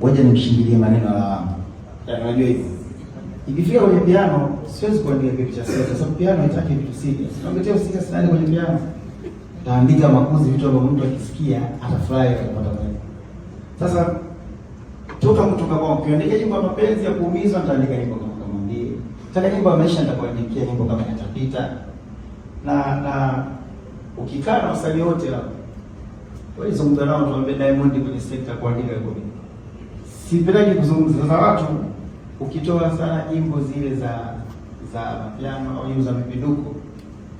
ngoja nimshindilie maneno ya wangu. unajua hivyo. Ikifika kwenye piano siwezi kuandika kitu cha serious, kwa sababu piano haitaki vitu serious. Unaletea usika sana kwenye piano. Taandika makuzi, vitu ambavyo mtu akisikia atafurahi atapata maneno. Sasa toka kutoka kwa ukiandika nyimbo ya mapenzi ya kuumiza, nitaandika nyimbo kama kama ndiye. Tena nyimbo ya maisha nitakuandikia nyimbo kama yatapita. Na na ukikaa na wasanii wote hapo. Wewe zungumza nao tuambie Diamond kwenye sekta kuandika kwa nini? Sipendaji kuzungumza za watu, ukitoa sana nyimbo zile za za mapiano au nyimbo za mipinduko,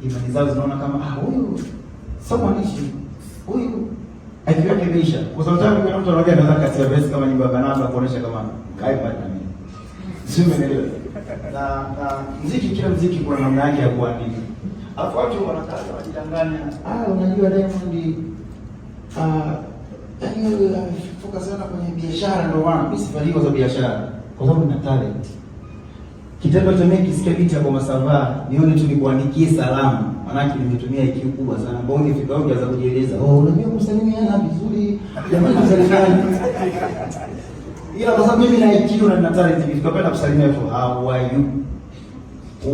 imani zao zinaona kama ah, huyu sio mwanishi huyu akiwa kimeisha, kwa sababu tangu kuna mtu anakuja anaanza kasi ya verse kama nyimbo ya Banana kuonesha kama kaipa na mimi simenelewa na na muziki, kila muziki kuna namna yake ya kuandika, alafu watu wanataka wajidanganya, ah, unajua Diamond ah lakini wewe amefika eh, sana kwenye biashara ndio maana mimi sifanikiwa kwa biashara kwa sababu nina talent. Kitendo cha mimi kisikia vita kwa masavaa, nione tu nikuandikie salamu. Maana nimetumia IQ kubwa sana. Mbona ungefika huko za kujieleza. Oh, unajua kusalimiana vizuri. Jamani kusalimiana. Ila kwa sababu mimi na IQ na nina talent, nikipenda kusalimia tu how are you?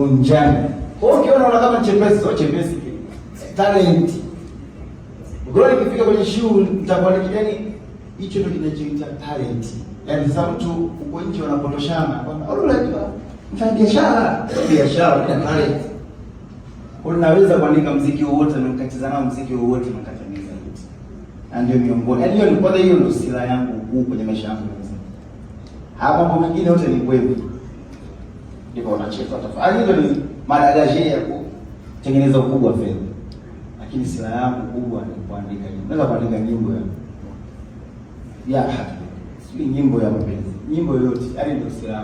Unjani. Kwa hiyo unaona kama chepesi au chepesi. Talent. Glory ikifika kwenye shule mtakuwa yani, hicho ndio kinachoita talent. Yaani sasa mtu huko nje wanapotoshana kwamba wewe unajua mfanya biashara, biashara ni talent. Unaweza kuandika mziki wowote na ukacheza nao mziki wowote na ukatimiza yote. Na ndio miongoni. Yaani hiyo ni kwanza hiyo ndio silaha yangu kuu kwenye maisha yangu. Hapa mambo mengine yote ni wewe. Ndipo unacheza tafadhali. Yaani hiyo ni madaraja ya kutengeneza ukubwa fedha lakini silaha yangu kubwa ni kuandika nyimbo. Naweza kuandika nyimbo ya ya haki, sio nyimbo ya mapenzi, nyimbo yoyote, yaani ndio silaha